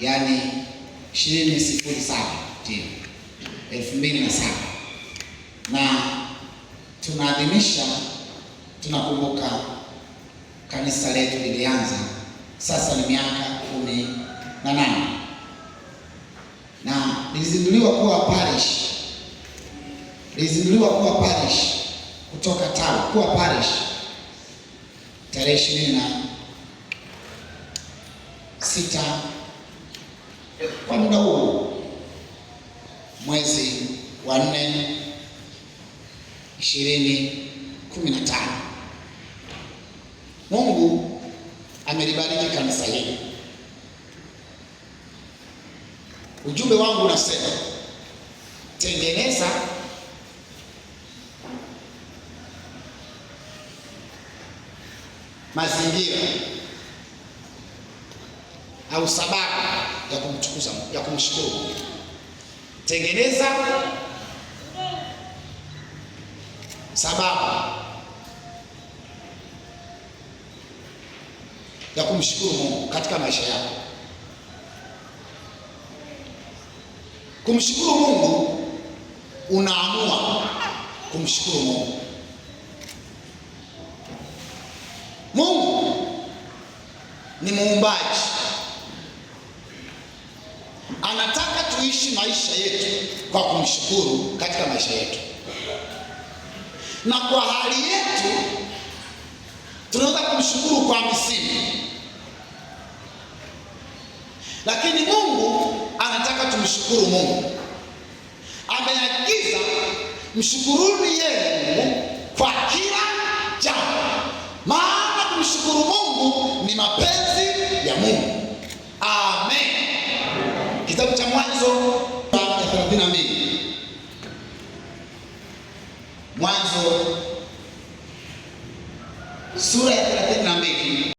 yani 2007 ndio 2007 na tunaadhimisha tunakumbuka kanisa letu lilianza sasa ni miaka kumi na nane na lilizinduliwa kuwa parish, lilizinduliwa kuwa parish kutoka tawi kuwa parish tarehe ishirini na sita kwa muda huu mwezi wa nne ishirini kumi na tano Mungu amelibariki kanisa hili. Ujumbe wangu unasema tengeneza mazingira au sababu kumtukuza ya kumshukuru Tengeneza sababu ya kumshukuru Mungu katika maisha yako. Kumshukuru Mungu, unaamua kumshukuru Mungu. Mungu ni muumbaji Anataka tuishi maisha yetu kwa kumshukuru katika maisha yetu, na kwa hali yetu tunaweza kumshukuru kwa misimu, lakini Mungu anataka tumshukuru Mungu. Ameagiza mshukuruni Mungu kwa kila jambo, maana kumshukuru Mungu ni mapenzi ya Mungu. Mwanzo ya 32, sura ya 32.